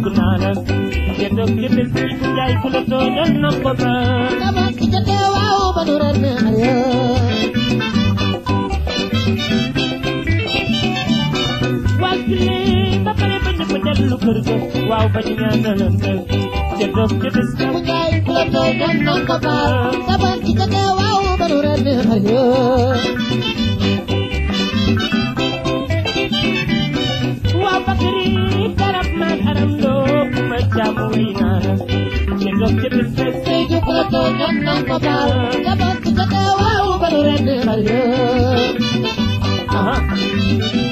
kunanan kedo kete jai kulato nan nambara kama kijate wao baduran ayo wakile bapare bende bedalu kerja wao banyana nan kedo kete jai kulato nan nambara kama kijate wao baduran ayo Uh-huh.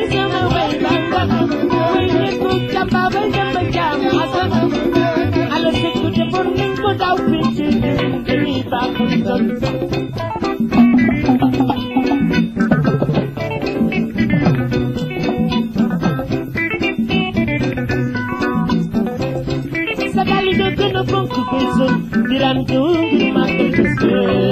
Sagali do tuno konkupeso, diram tu, dimakupeso.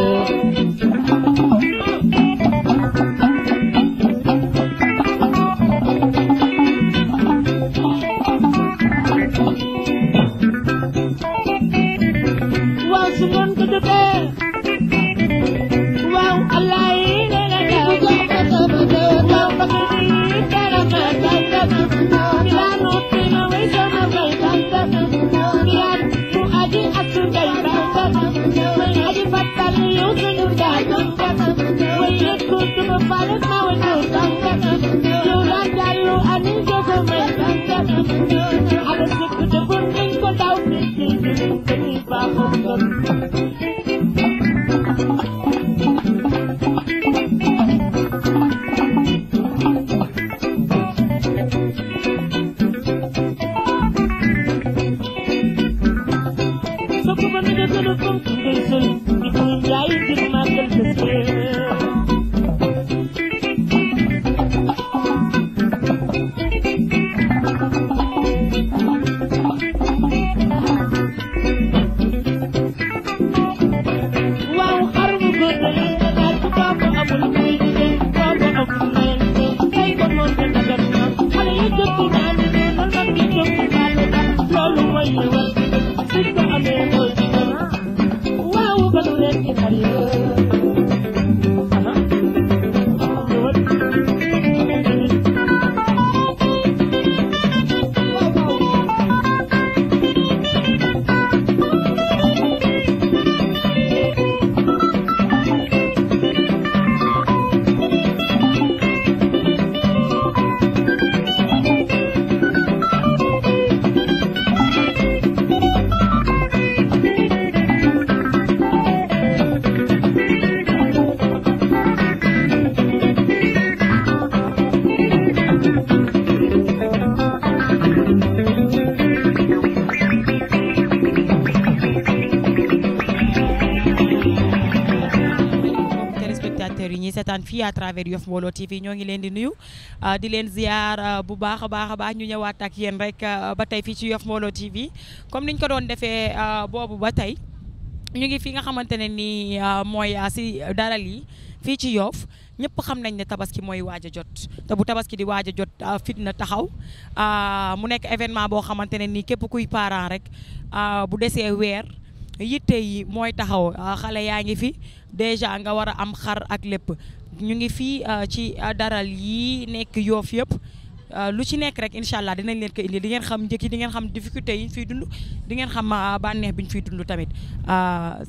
I'm fii à travers Yoff Mbollo TV ñoo ngi leen di nuyu ah, di leen ziar ah, bu baax a baax a baax ñu ñëwaat ak yéen rek ah, ba tey fii ci Yoff Mbollo TV comme niñ ko doon defee boobu ba tey ñu ngi fi nga xamante ne nii mooy si daral yi fii ci Yoff ñëpp xam nañ ne tabaski mooy waaj a jot te bu tabaski di waaja a jot fitna taxaw mu nekk événement boo xamante ne nii képp kuy parent rek bu desee weer yitte yi mooy taxaw xale yaa ngi fi déjà nga war am xar ak lépp ñu ngi fii euh, ci euh, daral yi nekk yoof yëpp euh, lu ci nekk rek incha allah dinañ leen ko di ngeen xam njëkk yi di ngeen xam difficulté yi ñu fiy dund di ngeen xam bànneex bi ñu fiy dund tamit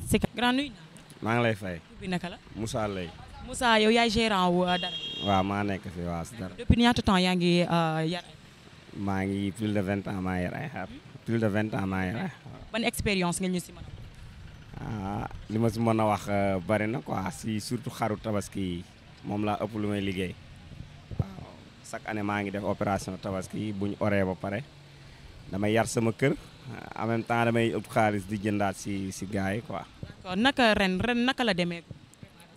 c'est grand maa ngi lay fay bi naka la Moussa lay Moussa yow yaay gérant wu dara waaw maa nekk fi waaw si dara ñaata temps yaa ngi yar maa ngi plus de vingt ans maa yar ay xar plus de vingt ans maa yar ay ban expérience nga ñu si mën a li ma si mën a wax ah, bari na quoi si surtout xaru tabaski yi mom la ëpp lu may liggéey waaw chaque année maa ngi def opération tabaski buñ ñu oree ba pare damay yar sama kër en même temps damay ëpp xaalis di jëndaat si si gars yi quoi. d'accord naka ren ren naka la demee.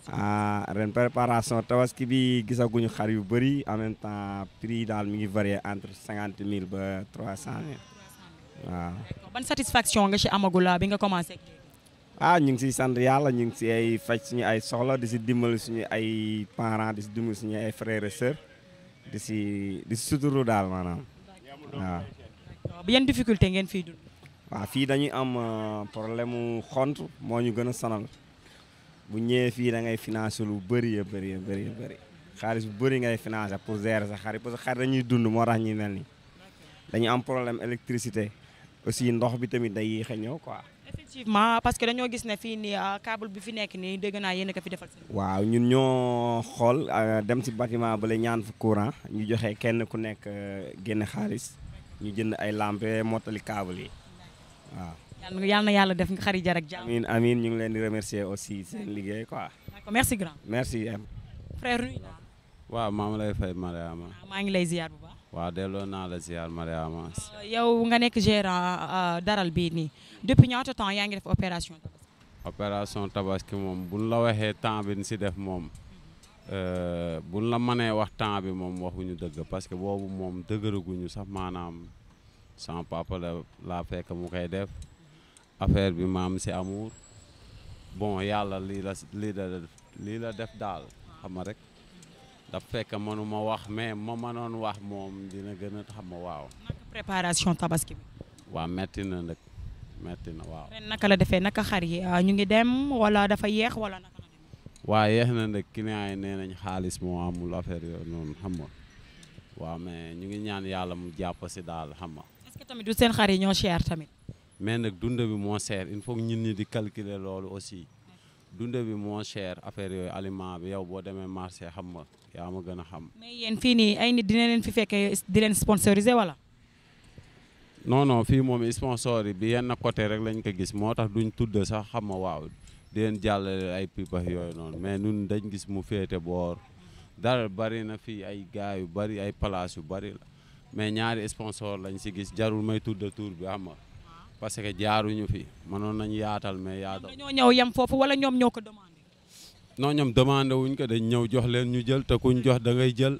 ah ren préparation tabaski bi gisaguñu xar yu bëri en même temps prix daal mi ngi varier entre 50000 ba 300000 waaw. ban satisfaction nga ci amagula bi nga commencé ah ñing ci siy sant yàlla ñu ngi ay fajj suñu ay soxla di ci dimbal suñu ay parents di ci dimbal suñu ay frères et sœurs di ci di ci suturu dal manam nah. ah, bi yeen difficulté ngeen fi dund. wa fi dañuy am ah, problème xont mo ñu gëna a sonal bu ñëwee fi da ngay financer lu bari ya bëri bëri bëri bari xaaliss bu bari ngay financer pour gérer sa xarit parce que xarit dañuy dund mo tax ñi melni dañuy am problème électricité aussi ndox bi tamit day yéex quoi. effectivement parce que dañoo gis ne fii nii ah, câble bi fi nekk nii dégg naa yéen a ko fi defal. waaw ñun ñoo xool ah, dem si bâtiment ba la ñaan fa courant ñu joxe kenn ku nekk euh, génn xaalis ñu jënd ay lampe mottali câble yi waaw. yàlla na yàlla def nga xarit jar ak jàmm. amiin ñu ngi leen di remercier aussi seen liggéey quoi. d'accord merci grand. merci. frère. waaw maa ngi lay fay Mariama. waaw delloo naa la ziar Mariama. Euh, yow nga nekk gérant euh, euh, daral bii nii depuis ñaata temps yaa ngi def opération. opération tabaski moom buñ la waxee temps bi ñu si def moom buñ la mënee wax temps bi moom waxuñu dëgg parce que boobu moom dëgëraguñu sax maanaam sama papa la laa fekk mu koy def affaire bi maam si amour bon yàlla lii la lii la lii la def daal xam nga rek. dafa fekk mënuma wax mais ma manoon wax moom dina gën a xam ma waaw. préparation tabaski bi. metti na nag metti na waaw. ren naka la defee naka xar yi ah, ñu ngi dem wala dafa yeex wala naka la demee. yeex na nag client yi nee nañ xaalis moo amul affaire yooyu noonu xam nga waaw mais ñu ngi ñaan yàlla mu jàpp si daal xam nga. est du seen xar yi ñoo cher tamit. mais nag dund bi moo seer il faut ñun ñi di calculer loolu aussi. dunde bi moo cher affaire yooyu aliment bi yow boo demee marché xam nga yaa ma gën a xam. mais yéen fii nii ay nit dina leen fi fekkee di leen sponsorisé wala. non non fii moom sponsor yi bi yenn côté rek lañ ko gis moo tax duñ tudd sax xam nga waaw di leen jàllale ay pipax yooyu noonu mais nun dañ gis mu féete boor dara bari na fii ay gars yu bari ay place yu bari la mais ñaari sponsor lañ si gis jarul may tudd tour bi xam nga parce que jaaruñu fi mënoon nañ yaatal mais yaatal. ñoo yem foofu wala ñoom ñoo ko demandé. non ñoom demandé wuñ ko dañ ñëw jox leen ñu jël te kuñ jox dangay jël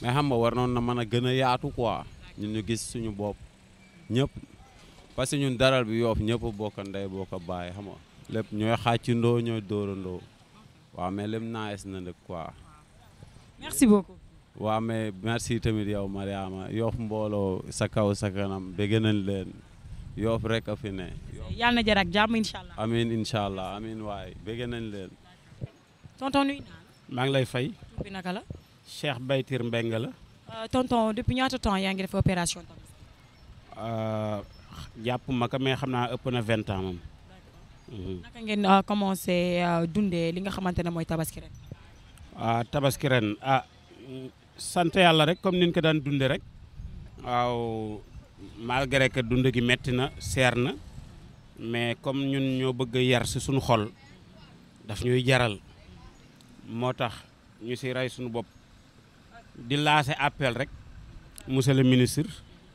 mais xam nga war noon na mën a gën a yaatu quoi ñun ñu gis suñu bopp ñëpp parce que ñun daral bi yoof ñëpp bokk ndey bokk bàyyi xam nga lépp ñooy xàccindoo ñooy dóorandoo waaw mais lépp naes na nag quoi. merci beaucoup. waaw mais merci tamit yow Mariama yoof mbooloo sa kaw sa kanam bëgg nañ leen. yoof rek a fi ne. yàlla na jar ak jàmm incha allah. amiin incha allah amiin waay bëgg nañ leen. tonton nuyu maa ngi lay fay. tur la. Cheikh Baytir mbenga la. Euh, tonton depuis ñaata temps yaa ngi def opération tamit. Euh, jàpp ma ko mais xam naa ëpp na vingt ans moom. Mhm. naka ngeen euh, commencé dundee li nga xamante ne mooy tabaski ren. ah tabaski ren ah sant yàlla rek comme ni ko daan dundee rek. Mhm. waaw malgré que dund gi metti na ser na mais comme ñun ñoo bëgg yar ci suñu xol daf ñuy jaral motax ñu ci ray suñu bop di lancer appel rek monsieur le ministre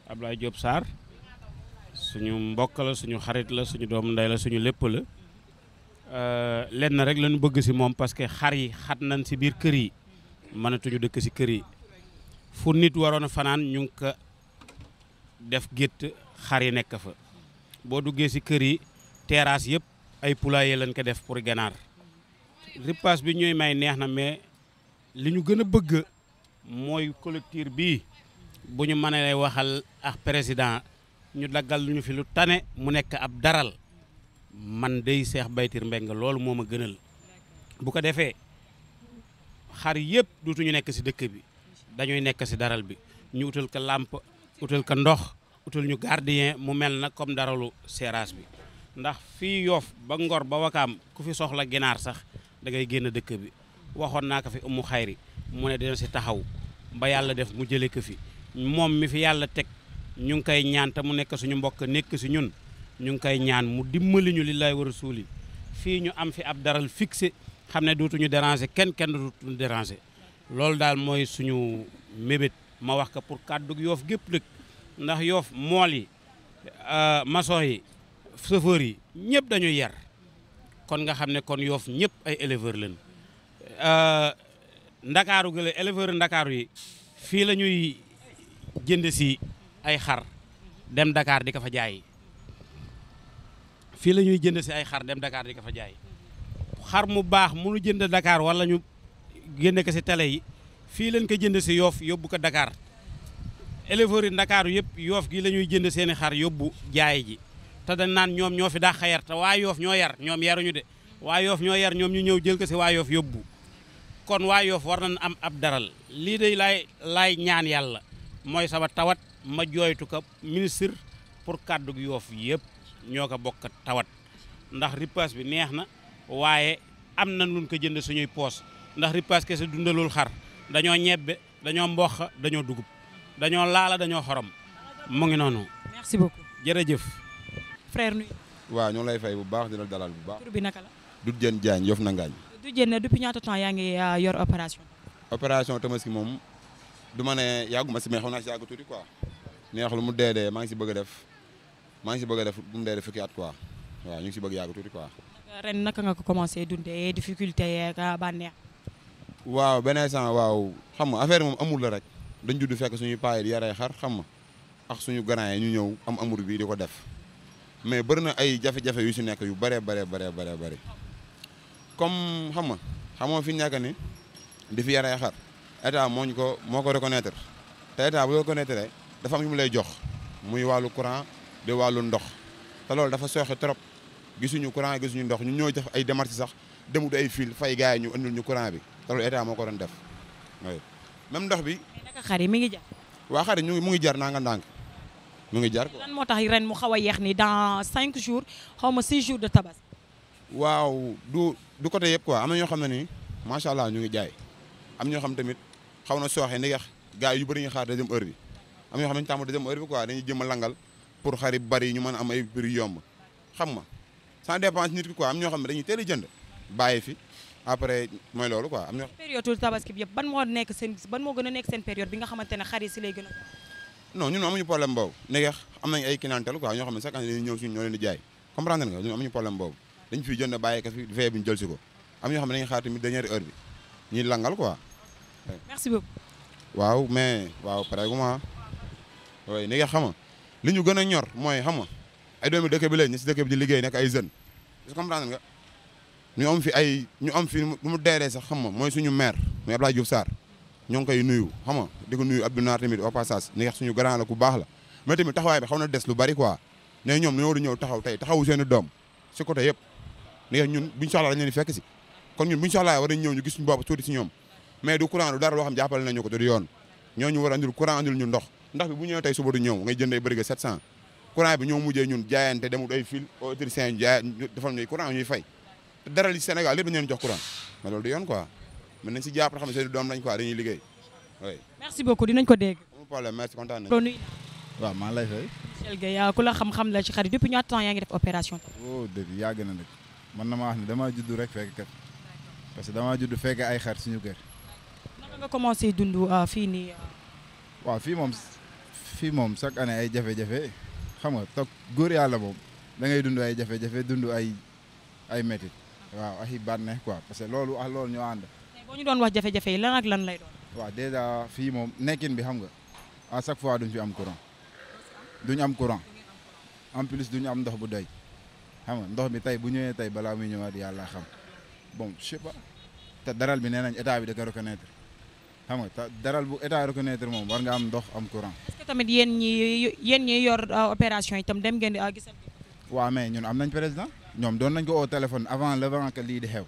Abdoulaye Diop sar suñu mbokk la suñu xarit la suñu doom nday la suñu lepp la euh, lenn rek lañu bëgg si mom parce que xar yi xat nañ si biir kër yi mënatuñu dëkk si kër yi fu nit warona ñu ko def gétt xar yi nekk fa boo duggee si kër yi teraas yëpp ay poulailler lañ ko def pour ganaar repas bi ñooy may neex na mais li ñu gën a bëgg mooy collecteur bii bu ñu mënee waxal ax président ñu daggal lu ñu fi lu tane mu nekk ab daral man day Cheikh Baytir Mbengue loolu moo ma gënal bu ko defee xar yëpp duutuñu nekk si dëkk bi dañuy nekk si daral bi ñu utal ko làmp utal ka ndox utal ñu gardien mu mel na comme daralu seeraas bi ndax fii yoof ba ngor ba wakaam ku fi soxla ginaar sax da ngay génn dëkk bi waxoon naa ko fi umu xayri mu ne dina si taxaw ba yàlla def mu jëlee ko fi moom mi fi yàlla teg ñu ngi koy ñaan te mu nekk suñu mbokk nekk si ñun ñu ngi koy ñaan mu dimbali ñu lillaay war a suuli fii ñu am fi ab daral fixé xam ne dootuñu déranger kenn kenn dootuñu déranger loolu daal mooy suñu mébét ma wax ko pour kaddu yof gep nak ndax yof mool yi euh, maçon yi chauffeur yi ñep dañu yar kon nga xamne ne kon yof ñep ay éleveur lañ euh, ndakaaru gele éleveur ndakaaru yi fi lañuy jënd ci ay xar dem Dakar di ko fa jaay fi lañuy jënd ci ay xar dem Dakar di ko fa jaay xar mu baax munu jënd Dakar wala ñu génne ko ci télé yi fi leen ko jënd ci yof yobbu ko Dakar éleveur yi Dakar yépp yof gi lañuy jënd seen xar yobbu jaay ji ta dañ nan ñom ñofi da daa xayar te yof yoof ñoo yar ñoom yaruñu de wa yof ño yar ñom ñu ñew jël ko ci wa yof yobbu kon wa yof war nañ am ab daral li day lay lay ñaan yalla moy sama tawat ma joytu ko ministre pour kàddu yof yépp ñoko bokk tawat ndax ripas bi neexna waye amna am ko jënd suñuy pos ndax ripas kessé dundalul xar dañoo ñebbe dañoo mbokh dañoo dugub dañoo laala dañoo xorom mo ngi nonu merci beaucoup jerejeuf frère nuy wa ñu lay fay bu baax dina dalal bu baax. tur bi naka la. Euh, du jeen jaagne yof na Yoff du jeen ne depuis ñata temps ya ngi yor operation operation tamaski mom duma ne yàgguma si mais xaw naa si yàgg tuuti quoi neexul mu dédé ma ngi ci bëgg def ma ngi ci bëgg def bu mu dédé fukki at quoi wa ñu ci bëgg yàgg tuti quoi. ren naka nga ko commencé dundé difficulté yeeg euh, bànneex. waaw beneen sant waaw xam nga affaire moom amul la rek dañ judd fekk suñuy paay di yaree xar xam ak suñu yi ñu ñëw am amur bi di ko def mais bëri na ay jafe-jafe yu si nekk yu bëree bare bare bare bëri comme xam nga xamoo fi nekk ni di fi yaree xar état moo ñu ko moo ko reconnaître te état bu reconnaître dafa am yu mu lay jox muy wàllu courant di wàllu ndox te loolu dafa sooxe trop gisuñu courant gisuñu ndox ñu ñoo def ay démarches sax demut ay fil fay gars yi ñu indil ñu courant bi taw état moko ko doon def même ndox bi. naka xari mi ngi jar. wa xari ñu mu ngi jar na nga dank mu ngi jar lan motax tax ren mu xawa a yeex ni dans 5 jours xawma 6 jours de tabas waaw du du côté yëpp quoi amna ño xamna ni ma sha allah ñu ngi jaay am ño xam tamit xawna soxé ni ndax gaay yu bari ñu xaar da dem heure bi am ño xam ne da dem heure bi quoi dañu jëm langal pour xari bari ñu mëna am ay prix yomb xam nga sans dépense nit ki quoi am ño xam dañu dañuy jënd bàyyi fi. après mooy loolu quoi am na. période tabaski bi yëpp ban moo nekk seen ban moo gën a nekk seen période bi nga xamante ne xar yi si lay gën a. non ñun amuñu problème boobu negeex am nañ ay clientèle quoi ñoo xam ne chaque année dañuy ñëw suñu ñoo leen di jaay comprendre nga ñun amuñu problème boobu dañ fiy jënd bàyyi kas fee bu ñu jël si ko am ñoo xam ne dañuy xaar waaw mais waaw pare gu ma waaye negeex xam nga li ñu gën a ñor mooy xam nga ay bi lañ ñu si dëkk bi di liggéey nekk ay jeunes comprendre nga ñu am fi ay ñu am fi lu mu deeree sax xam nga mooy suñu maire muy Abdoulaye Diouf Sarr ñoo ngi koy nuyu xam nga di ko nuyu Abdou Naar tamit au passage ni wax suñu grand la ku baax la mais tamit taxawaay bi xaw na des lu bari quoi ne ñoom ñoo war taxaw taxawu seen i doom yëpp ñun buñ soxlaa dañ leen di fekk si kon ñun buñ soxlaa war ñëw gis suñu bopp si ñoom mais du courant du dara loo xam jàppale nañu ko du yoon ñooñu war a andil courant andil ñu ndox ndox bi bu ñëwee tey suba du ñëw ngay jëndee bëriga 700 courant bi ñoo ñun jaayante demul ay fil électricien jaay defal ñuy ñuy fay te dara li Sénégal yëpp dañu leen jox courant mais loolu du yoon quoi mën nañ si jàpp xam ne seen doom lañ quoi dañuy liggéey oui. merci beaucoup dinañ ko dégg. amul problème merci kontaan nañu. waaw maa lay fay. Michel Gueye ah, la xam-xam ci xarit depuis ñaata temps yaa ngi def oh, yàgg na nag man na ma wax ne damaa judd rek fekk kat parce que damaa judd fekk ay xar suñu kër. naka nga commencé dund ah, fii nii. Ah? waaw fii moom fii moom chaque année ay jafe-jafe xam nga toog góor yàlla moom da ngay dund ay jafe-jafe dund ay ay métit waaw ak i bànneex quoi parce que loolu ak loolu ñoo ànd. boo ñu doon wax jafe-jafe yi lan lan lay doon. waaw dèjà fii moom nekkin bi xam nga à chaque fois duñ fi am courant duñ am courant en plus duñu am ndox bu doy xam nga ndox bi tey bu ñëwee tey balaa muy ñëwaat yàlla xam bon je te daral bi nee nañ état bi de ko reconnaître xam nga te daral bu état reconnaître moom war nga am ndox am courant. est tamit yéen ñi yéen ñi yor euh, opération itam dem ngeen di euh, gisal. waa mais ñun am nañ président. ñom doon nañ ko au téléphone avant l'avant que li di xew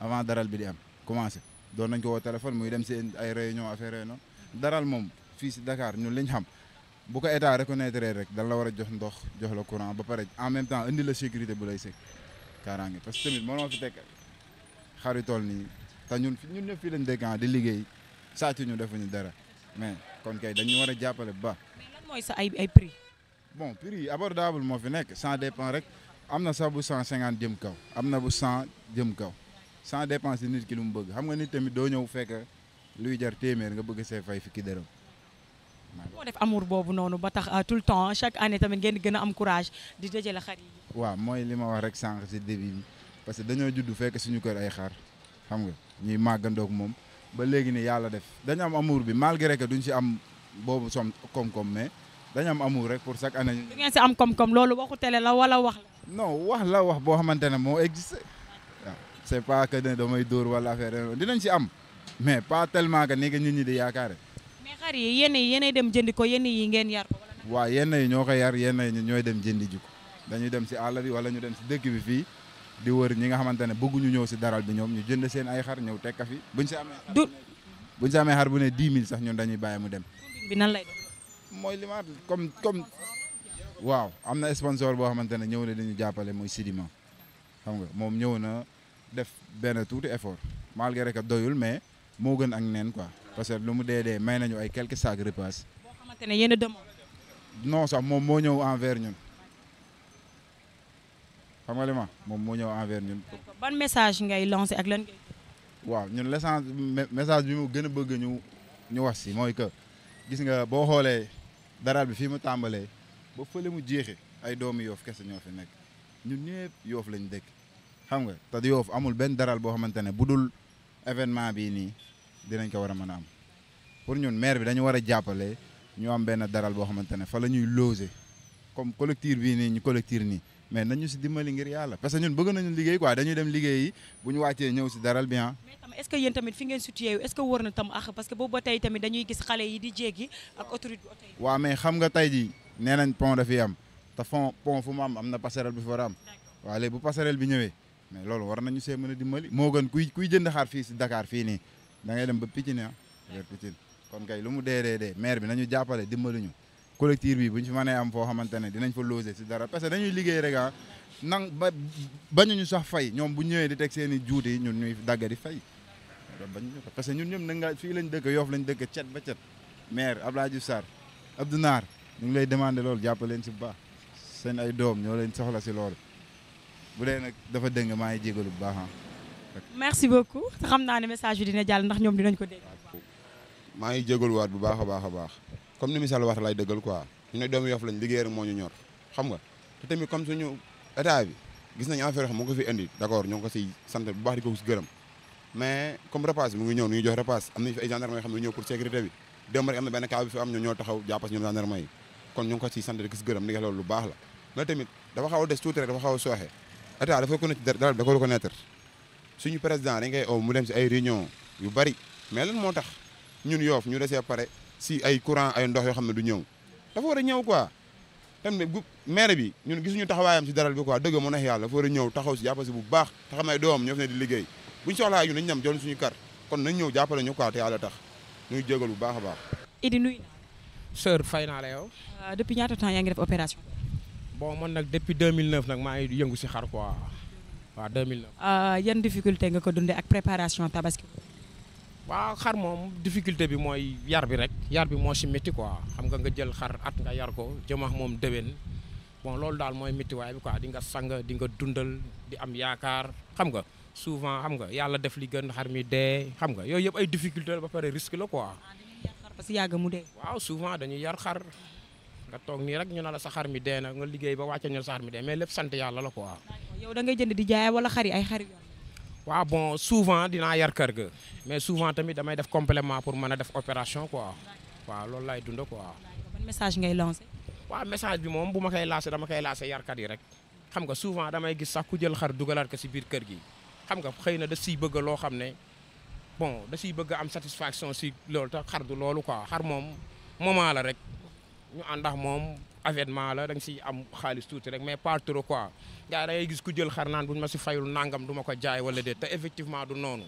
avant daral bi di am commencé doon nañ ko au téléphone muy dem ci ay réunion affaire réunion daral mom fi ci Dakar ñun liñ xam bu ko état reconnaître rek dan la wara jox ndox jox la courant ba paré en même temps indi la sécurité bu lay sëg kaaraange parce que tamit mënoo fi tek xari tol ni ta ñun ñun ñëpp fi lañ dëkk ah di liggéey saati ñu defuñu dara mais kon kay dañu war a jàppale ba. mais lan moy sa ay ay prix. bon prix abordable mo fi nek sans dépend rek amna na sax bu cent jëm kaw amna bu 100 jëm kaw sans dépense nit ki lu mu bëgg xam nga nit tamit doo ñëw fekk luy jar téeméer nga bëgg see fay fukki dërëm. moo def amour boobu noonu ba tax euh, tout le temps hein, chaque année tamit ngeen gën a am courage di dajale xar yi. waaw mooy li ma wax rek sànq si début bi parce que dañoo judd fekk suñu kër ay xar xam nga ñuy màggandoog moom ba léegi ni yàlla def dañu am amour bi malgré que duñ si am boobu som koom-koom mais dañu am amour rek pour chaque année. du ngeen si am koom-koom loolu waxu télé la wala wax la. non wax la wax boo xamante ne moo existe waaw c'est pas que damay dóor wala affaire dinañ si am mais pas tellement que ni que nit ñi di yaakaare. mais xar yi yenn yi yéenay dem jëndi ko yenn yi ngeen yar ko. waaw yenn yi ñoo ko yar yenn yi ñooy dem jëndi ji ko dañuy dem si àll bi wala ñu dem si dëkk bi fii di wër ñi nga xamante ne bëgguñu ñëw si daral bi ñoom ñu jënd seen ay xar ñëw tekka fi buñ si amee. du buñ si amee xar bu ne 10 000 sax ñun dañuy bàyyi mu dem. mooy li waaw am na sponsor boo xamante ne ñëw na dañu jàppale mooy Sidima xam nga moom ñëw na def benn tuuti effort malgré que doyul mais moo gën ak neen quoi parce lu mu dee dee may nañu ay quelques sacs repas. boo xamante sax moom moo ñëw envers ñun xam nga li ma moom moo ñëw envers ñun. ban message ngay lancé ak lan. waaw ñun l'essence message bi mu gën a bëgg ñu ñu wax si mooy que gis nga boo xoolee daraal bi fii mu tàmbalee. ba fële mu jeexe ay doomu yoof kese ñoo fi nekk ñun ñëpp yoof lañ dëkk xam nga te yoof amul benn daral boo xamante ne bu dul événement bii nii dinañ ko war a mën a am pour ñun bi dañu a jàppale ñu am benn daral boo xamante ne fa la ñuy loger comme collectif bii nii ñu collectif nii mais nañu si dimbali ngir yàlla parce que ñun bëgg nañu liggéey quoi dañuy dem liggéey bu ñu ah. tamit fi ngeen situé yu est ce que wóor na tam ah parce que boobu ba tey tamit dañuy gis xale yi di jéggi ak autorité. waaw mais xam nga tey ji nee nañ pont dafiy am te fond pont fu mu am am na passerelle bi fa war a am waaw bu passerelle bi ñëwee mais loolu war nañu see mën a dimbali moo gën kuy kuy jënd xaar fii si Dakar fii nii da ngay dem ba Pikine ah vers Pikine kon kay lu mu dee dee dee maire bi nañu jàppale dimbali ñu collectif bi bu ñu fi mënee am foo xamante ne dinañ fa loger si dara parce que dañuy liggéey rek ah nang ba ñu sax fay ñoom bu ñëwee di teg seen i juute yi ñun ñuy dagga di fay bañuñu parce que ñun ñoom na nga fii lañ dëkk yoof lañ dëkk cet ba cet maire Abdoulaye Diouf Sarr Abdou Naar ñu ngi lay demandé loolu jàppaleen si bu baax seen ay doom ñoo leen soxla si loolu bu dee nag dafa dégg maa ngi jégalu bu baax ah. merci beaucoup xam naa ne message bi dina jàll ndax ñoom dinañ ko dégg. maa ngi jégaluwaat bu baax a baax a baax comme ni misaal wax lay dëggal quoi ñu ne doomu Yoff lañ liggéey rek moo ñu ñor xam nga te tamit comme suñu état bi gis nañu affaire yoo xam mu ko fi indi d'accord ñoo ko si sant bu baax di ko gërëm mais comme repas bi mu ngi ñëw ñu ngi jox repas am nañu fi ay gendarme xam ne ñëw pour sécurité am na benn taxaw jàppas ñoom gendarme yi kon ñu ngi ko ciy sant di gis gërëm ni nga loolu lu baax la mais tamit dafa xaw a des tuuti rek dafa xaw a sooxe état dafa ko dara da ko reconnaître président dañ koy oo mu dem yu bari mais lan moo tax ñun yoof ñu desee pare si ay courant ay ndox yoo xam ne du ñëw dafa war a ñëw quoi tamit bu maire bi ñun gisuñu taxawaayam si daral bi quoi dëgg mu neex yàlla dafa a ñëw taxaw si jàpp si bu baax te xam ay doom ñoo fi ne di liggéey buñ soxlaa ñun nañ dem jox suñu kar kon nañ ñëw jàppale ñu quoi te tax ñuy jégal bu baax a baax sœur fay la yow. Euh, depuis ñaata temps yaa ngi def opération. bon man nak depuis 2009 nak ma ngi yëngu ci xar quoi wa 2009. Euh, yan difficulté nga ko dundé ak préparation tabaski. wa xar mom difficulté bi moy yar bi rek yar bi mo ci metti quoi xam nga nga jël xar at nga yar ko jëmax mom deben. bon dal moy metti way bi quoi di nga sang di nga dundal di am yaakaar xam nga. souvent xam nga yalla def li gën xar mi dé xam nga yooyu ay difficulté ba paré risque la quoi. Ah, parce que yaga mu dé waaw souvent dañuy yar xar nga tok ni rek ñu na la sa xar mi dé na nga liggéey ba wacce ñu xar mi dé mais lepp sante yalla la quoi. yow da ngay jënd di jaay wala xari ay xari waaw bon souvent dina yar kër ga mais souvent tamit damay def complément pour mëna def opération quoi waaw lool lay dund quoi. ban message ngay lancer waaw message bi mom bu ma koy lancé dama lancer yar kat yi rek xam nga souvent damay gis sax ku jël xar dugalat ko si biir kër gi xam nga xeyna da bëgg lo xamne bon da siy bëgg am satisfaction si loolu tax xar du loolu quoi xar moom moment la rek ñu àndax moom avènement la da nga siy am xaalis tuuti rek mais pas trop quoi gars da ngay gis ku jël xar naan buñ ma si fayul nangam du ma ko jaay wala déet te effectivement du noonu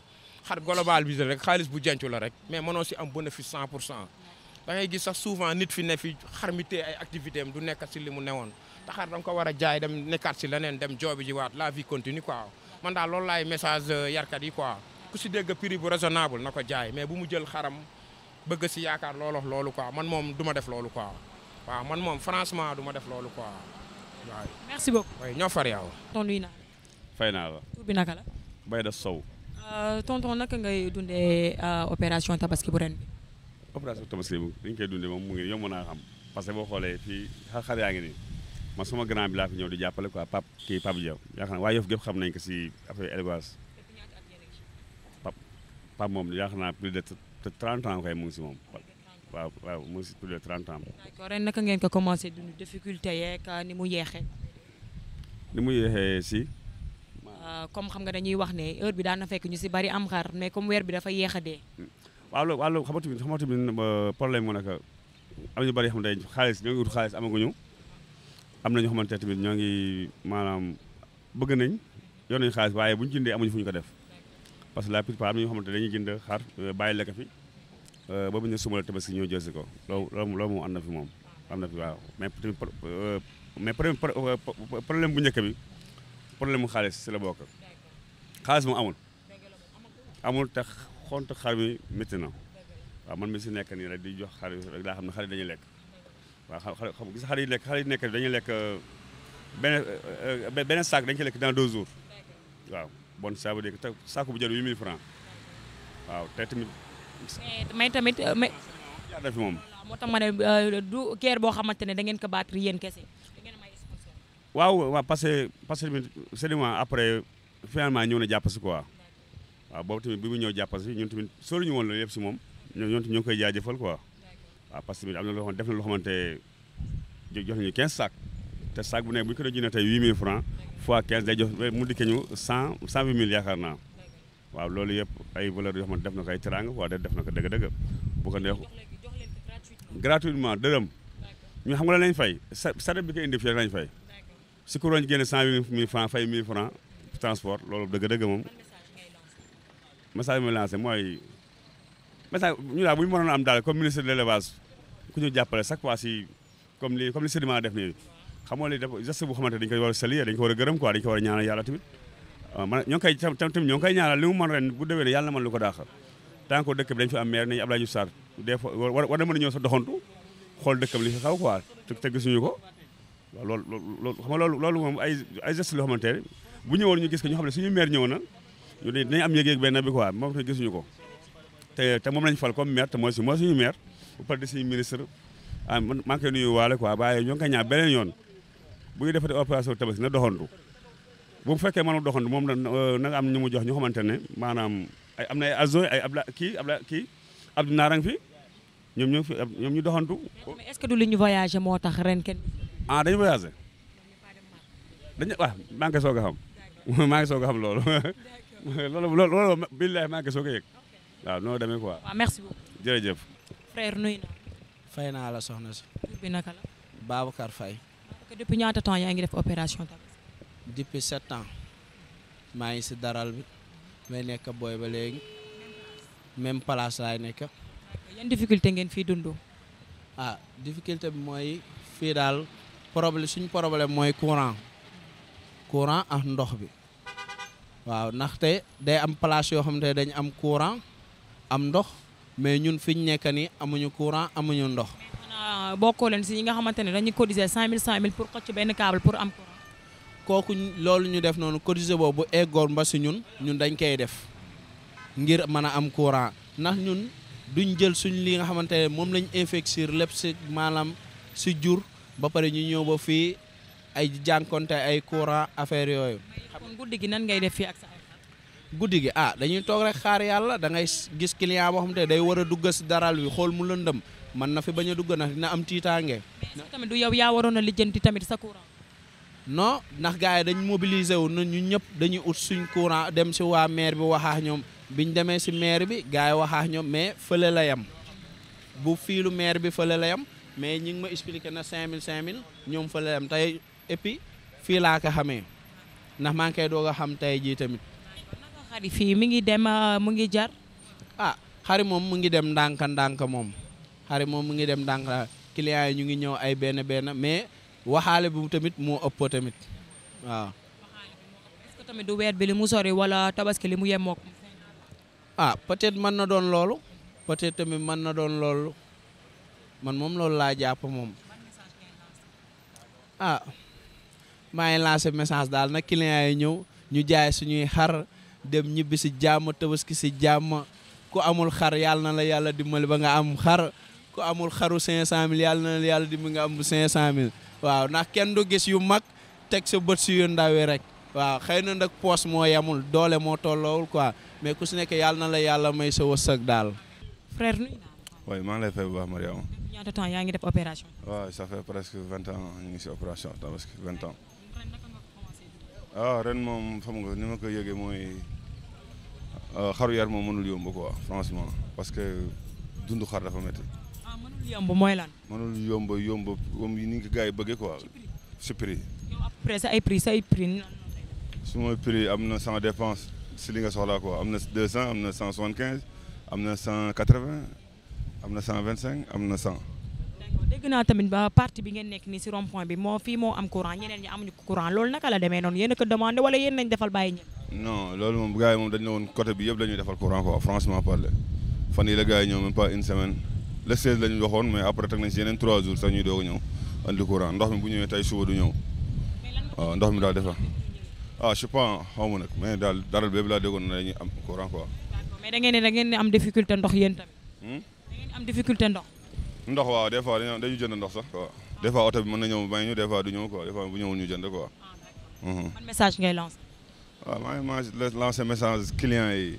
xar global bi rek xaalis bu jencu la rek mais mënoo si am bénéfice 100 pour cent da ngay gis sax souvent nit fi ne fi xar mi tee ay activité am du nekk si li mu newoon te xar da nga ko war a jaay dem nekkaat si leneen dem joobi ji waat la vie continue quoi man daal loolu laay message euh, yarkat yi quoi ku si dégg piri bu raisonnable na ko jaay mais bu mu jël xaram bëgg si yaakaar loolox loolu quoi man moom duma def loolu quoi waaw man moom franchement du ma def loolu quoi waaw. merci beaucoup oui ñoo far yow. tonton nuyu naa fay naa la. bi naka la. bay da sow. Euh, tonton naka ngay dundee euh, opération tabaski bu ren bi. opération tabaski bi dañ koy dundee moom mu ngi yomb naa xam parce que boo xoolee fii xar xar yaa ngi nii man suma grand bi laa fi ñëw di jàppale quoi Pape kii Pape Diaw yaakaar naa waa Yoff gépp xam nañ ko si affaire élevage. Pape moom yaakaar naa plus de trente ans kay mu ngi si moom waaw waaw mu ngi si plus de trente ans. d'accord ren naka ngeen ko commencé dund difficulté yeeg euh, ni mu yeexee. ni mu yeexee si. Euh, comme xam nga dañuy wax ne heure bi daan na fekk ñu si bari am xar mais comme weer bi dafa yeex de dee. waaw loolu waaw loolu xamatu bi xamatu euh, bi problème mu nekk am ñu bari yoo xamante ne xaalis ñoo ngi wut xaalis amaguñu am na ñoo xamante ne tamit ñoo ngi maanaam bëgg nañ yor nañu xaalis waaye bu ñu jëndee amuñu fu ñu ko def. parce que la plupart ñu xamante dañuy jënd xaar bayil la ka fi euh bobu ñu suma la tabaski ñëw jël si ko loolu loolu mu am na fi mom amna fi waaw mais mais problème bu ñëk bi problème xaaliss ci la bokk xaaliss mu amul amul tax xont xaar bi métti na waaw man mi si nekk ni rek di jox xaar yi rek daa xamna xaar xar yi dañuy lekk waaw xam gis xaar yi lekk xaar yi nekk dañuy lekk ben ben sac dañ ci lekk dans 2 jours waaw bon ça veut dire que saako bu jar 8000 francs waaw te tamit. mais tamit euh, mais. moom. moo tax ma ne euh, du guerre boo xamante ne da ngeen ko battre yéen kese. da ngeen am ay sponsor. waaw waaw parce après finalement ñëw na jàpp si quoi waaw boobu tamit bi mu ñëw jàpp si ñun tamit sóolu ñu woon loolu yëpp si moom ñoo ñoo ngi koy jaajëfal jëfal waaw parce que am na loo xam def na loo xamante jox nañu 15 sacs te sac bu nekk bu ñu ko doon jëndee tey 8000 francs fois 15 day jox mu dikkee ñu 100 120 000 yaakaar naa waaw loolu yëpp ay valeur yoo xamante def na ko ay teraanga waaw def na ko dëgg-dëgg bu ko neex gratuitement dërëm ñu xam nga lañ fay saret bi ko indi lañ fay si kuréel ñu génne 120 fay 1000 francs transport loolu dëgg-dëgg moom message bi ma mooy message ñu daal bu ñu mënoon am daal comme ministre de ku ñu jàppale chaque fois si comme li comme li sédiment def nii xam nga li dafa geste bu xamante dañ koy war a saluer dañ ko war a gërëm quoi dañ ko war a ñaanal yàlla tamit ah, man ñoo li mu mën ren bu déwénee yàlla mën lu ko daaxal tant que dëkk bi dañ a ñëw sa ko waaw loolu loolu xam nga loolu ay ay geste loo xamante ne bu ñëwoon ñu gis ko ñu xam ne suñu maire ñëw na ñu am yéeg-yéeg benn bi quoi moom te gisuñu ko te te moom lañ fal comme maire te mooy si mooy suñu maire bu pare de suñu ministre ah man maa ngi koy waale quoi waaye ñoo ngi koy ñaan beneen yoon bu ñu defati opération tabaski na doxantu bu fekkee mënul doxantu moom na euh, nga am ñu mu jox ñu xamante ne maanaam ay am na ay azo ay kii abla kii abdu naarang fi ñoom ñoo fi ñoom ñu doxantu. mais est-ce du li ñu voyagé moo tax ren kenn. ah dañu voyagé dañu waaw maa ngi soog a xam maa ngi soog a xam loolu loolu loolu billaahi maa ngi soog noo demee quoi. waaw merci jërëjëf. frère nuyu fay naa la soxna si. bi naka la. ok depuis ñaata temps yaa ngi def opération tabaski. depuis sept ans maa ngi si daral bi may nekk booy ba léegi même place laay nekk. yan difficulté ngeen fii dund. ah difficulté bi mooy fii daal problème suñu problème mooy courant courant ak ndox bi waaw ndaxte day am place yoo xam ne dañ am courant am ndox mais ñun fiñ ñu nekk nii amuñu courant amuñu ndox. bokkoo leen si ñi nga xamante ne dañuy cotiser 100000 100000 pour xëcc benn câble pour am courant. kooku loolu ñu def noonu cotiser boobu bu eggoon ba si ñun ñun dañ koy def ngir mën a am courant ndax ñun duñ jël suñu li nga xamante ne moom lañ investir lépp si maanaam si jur ba pare ñu ñëw ba fii ay jànkonte ay courant affaire yooyu. guddi gi nan ngay def fii ak guddi gi ah dañuy toog rek xaar yàlla da ngay gis client boo xam te day war a dugg si daral wi xool mu lëndëm man na fi bañ a dugg na dina am tiitaange. tamit du yow yaa waroon a lijjanti tamit sa courant. non ndax gars yi dañ mobiliser wu na ñëpp dañuy ut suñ courant dem si waa maire bi waxaax ñoom biñ demee si maire bi gars yi waxaax ñoom mais fële la yem bu fiilu maire bi fële la yem mais ñi ngi ma expliqué na 5000 5000 ñoom fële la tey et puis fii laa ko xamee ndax maa ngi koy a xam tey jii tamit. xari fii mi ngi dem ah, mu ngi jar. ah xari moom mu ngi dem ndànk ndànk moom. xari moom mu ngi dem ndànk clients yi ñu ngi ñëw ay benn benn mais waxaale bu tamit moo ëpp tamit waaw. est-ce tamit du weer bi li mu sori wala tabaski li mu yem ah peut-être mën na doon loolu. peut-être tamit mën na doon loolu man moom loolu laa jàpp moom. ah maa ngi lancé message daal na clients yi ñëw ñu jaay ñuy xar dem ñibbi si jàmm tabaski si jàmm ku amul xar yàlla na la yàlla dimbali ba nga am xar. ku amul xaru 500000 yàlla na yàlla di mu nga am 500000 waaw ndax kenn du gis yu mag teg sa bët si yu ndawi rek waaw xëy na nag poos moo yemul doole moo tolloowul quoi mais ku si nekk yàlla na la yàlla may sa wërsëg daal. frère nuyu naa waaw maa ngi lay fay bu baax ñaata temps yaa ngi def opération. waaw ça fait presque vingt ans ngi si opération tabaski vingt ans. Ah, ren moom xam nga ni ma ko yëgee mooy euh, xaru yar moom mënul yomb quoi franchement parce que dund xar dafa métti. yomb mooy lan. mënul yomb yomb comme ni ko gars yi bëggee quoi. si prix. yow après sa ay prix sa ay prix. su ma prix am sans dépense si li nga soxlaa quoi am 200 am 175 am 180 am 125 am 100. dégg naa tamit ba parti bi ngeen nekk nii si rond point bi moo fii moo am courant ñeneen ñi amuñu courant loolu naka la demee noonu yéen a ko demandé wala yéen nañ defal bàyyi ñëpp. non loolu moom gars yi moom dañ ne woon côté bi yëpp la ñuy defal courant quoi franchement parler fan yii la gars yi même pas une semaine. le 16 lañu waxone mais après teg nañ ci yenen 3 jours sax ñuy dogu ñew andi courant ndox mi bu ñewé tay suba du ñëw ah ndox mi daal defa ah je pas xaw nak mais dal daral bépp laa déggoon na dañuy am courant quoi. mais da ngeen ni da ngeen ni am difficulté ndox yéen tamit. Hmm? da ngeen am difficulté ndox. ndox waaw des fois dañu jënd ndox sax quoi des fois auto bi mën na ñëw may ñu des fois du ñew quoi des fois bu ñëwul ñu jënd quoi. Ah, hmm. ban message ngay lancé. waaw ah, maa ngi lancé message client yi.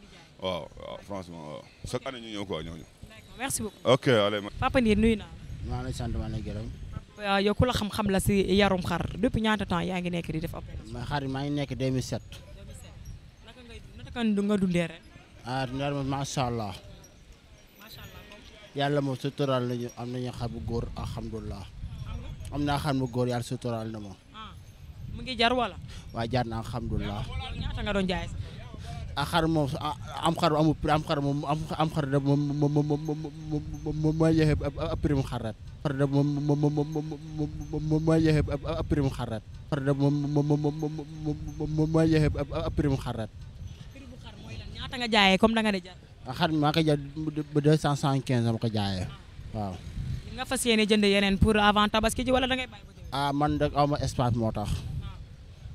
waaw waaw franchement waaw chaque année ñu ñëw quoi ñooñu. d'accord merci papa Ndié nuyu naa maa ngi lay sant maa ngi lay gërëm. papa ah, xam-xam la si yarum xar depuis ñaanta temps yaa ngi nekk di def opération. ma xar maa ngi nekk 2007. 2007 naka ngay naka nga dundee ren. ah allah. yàlla moom suturaal nañu am nañu xar bu góor alhamdulilah. am naa xar bu góor yàlla suturaal na ma. Ah, mu ngi jar wala. waaw jar na alhamdulilah. xar mo am xar amul am xar mo am xar da mo mo mo ab prime xarat xar da mo mo mo ab prime xarat xar da mo mo mo ab prime xarat prime xar mooy lan ñaata nga jaayee comme da nga ne jar xar maa ko jaay ba deux cent soixante-quinze ma ko jaayee waaw nga fas yéene jënd yeneen pour avant tabaski ji wala da ngay bàyyi ah man de aw ma espace moo tax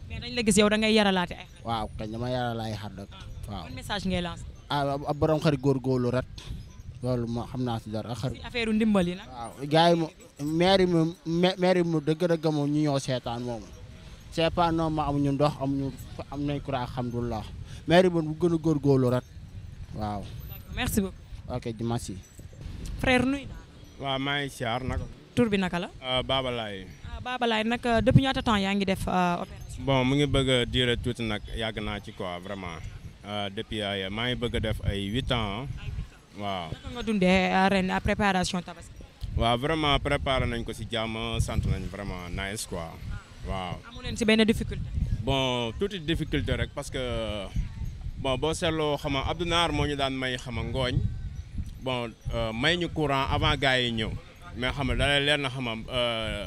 mais dañ la gis yow da ngay yaralaate ay waaw kañ dama yaralaay xar dëgg waaw ban message ngay rat ah, loolu moo xam naa si xar si affaire ndimbal waaw gars yi moom maire yi moom maire yi moom am bu rat waaw. merci beaucoup. ok merci. frère nuyu naa. waaw maa ngi siyaar bi naka la. Ah, Baba Laye. Ah, Baba Laye nag depuis ñaata temps def opération. bon mu ngi bëgg ci quoi vraiment. Euh, depuis ay euh, maa ngi bëgg def ay 8 hein. ans waaw. naka nga dundee euh, ren préparation tabaski. waaw vraiment préparé nañ ko ci jamm sant nañ vraiment nice quoi ah. waaw. amu leen si benn difficulté. bon toute difficulté rek parce que bon boo seetloo xama Abdou Naar moo ñu daan may xama ngooñ bon may ñu courant avant gaay yi ñëw mais xama da lay na xama euh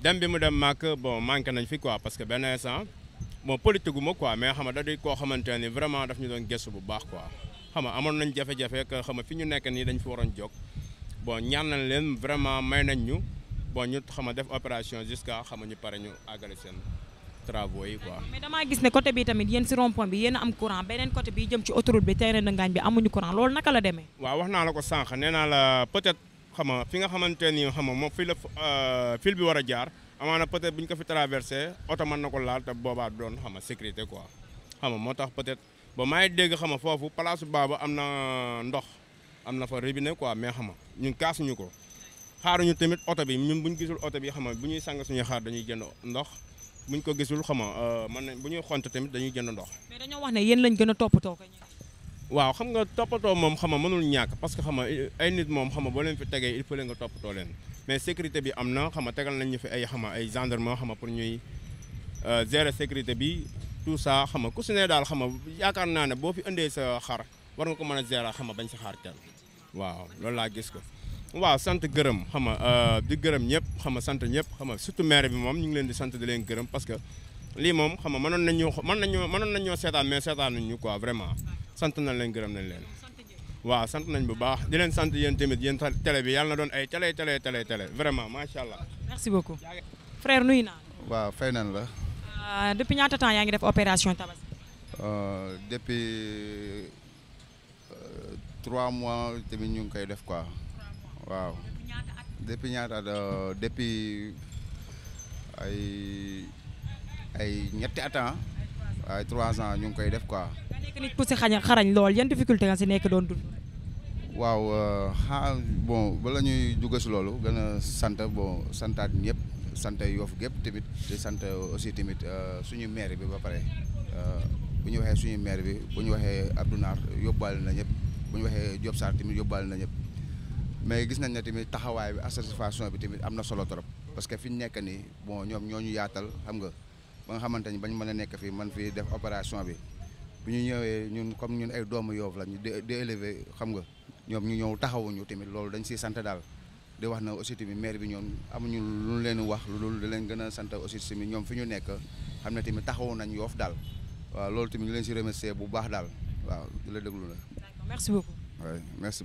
dem bi mu dem màkk bon manke nañ fi quoi parce que ben instant. bon politique gu ma quoi mais xam nga da di koo ne vraiment daf ñu doon gëstu bu baax quoi xam nga amoon nañ jafe-jafe que fi ñu nekk nii dañ fi waroon jóg bon ñaan nañ leen vraiment may nañ ñu bon ñu xam nga def opération jusqu'à xam nga ñu pare ñu àggale seen travaux yi quoi. mais damaa ne côté bi tamit yéen si rond bi yéen am courant beneen côté bi jëm ci autoroute bi terrain de Ngagne bi amuñu courant loolu naka la demee. waaw wax naa la ko sànq nee naa la peut-être fi nga xamante ni xam nga moom fii la euh, fil bi war a jaar. amaana peut-être bu ñu ko fi traversé oto mën na ko laal te boobaa doon xam nga sécurité quoi xam moo tax peut-être ba maa ngi dégg xam nga foofu place baaba am na ndox am na fa robinet quoi mais xam nga ñun kaasuñu ko ñu tamit oto bi ñun bu ñu gisul oto bi xam nga bu ñuy sang suñuy xaar dañuy jënd ndox bu ñu ko gisul xam nga euh, mën nañ bu ñuy xont tamit dañuy jënd ndox. waaw xam nga toppatoo moom xam nga mënul ñàkk parce que xam nga ay nit moom xam nga boo leen fi tegee il faut leen nga toppatoo leen mais sécurité bi am na xam tegal nañ ñu fi ay xam nga ay gendarme xam pour ñuy euh, gérer sécurité bi tout ça xam nga si ne daal xam nga yaakaar naa ne boo fi indee sa xar war ko mën a gérer xam nga bañ sa xaar kenn waaw loolu laa gis ko waaw sant gërëm xam nga euh, di gërëm ñëpp xam nga sant ñëpp xam nga surtout maire bi moom ñu ngi leen di sant di leen gërëm parce que lii moom xam ma mënoon nañ ñu mën nañ mënoon nañ ñoo seetaan mais seetaanuñ ñu quoi vraiment sant nañ leen gërëm nañ leen waaw sant nañ bu baax di leen sant yéen tamit yéen tele bi yàlla na doon ay télé télé télé télé vraiment macha allah. merci beaucoup. frère nuyu naa. waaw fay nañ la. Euh, depuis ñaata tam yaa ngi def opération tabaski. Euh, depuis euh, trois mois tamit ñu ngi koy def quoi waaw. depuis ñaata ay. ay ñetti at ah, ay 3 ans ñu ngi koy def quoi. nek nit ku si xañ xarañ lool yeen difficulté nga ci nek doon dund. waaw euh, ha bon ba lañuy duggu ci loolu gëna sante sant bon santaat ñëpp sant yoof gep timit di sante aussi tamit euh, suñu maire bi ba paré euh buñu waxé suñu maire bi buñu waxé waxee Abdou Naar yóbbaale na ñep buñu waxé job sar timit tamit na ñep mais gis nañ na timit taxaway bi association bi timit amna solo torop parce que fiñ nek ni bon ñom ñoñu yaatal xam nga. ba nga xamante ni bañ mën a nekk fii man fii def opération bi bu ñu ñëwee ñun comme ñun ay doomu yoof la ñu di élevé xam nga ñoom ñu ñëw taxawuñu tamit loolu dañ siy sant daal de wax na aussi tamit maire bi ñoom amuñu lu leen wax loolu di leen gën a sant aussi tamit ñoom fi ñu nekk xam ne tamit taxawu nañ yoof daal waaw loolu tamit ñu leen si remercier bu baax daal waaw di la déglu la. merci beaucoup. oui merci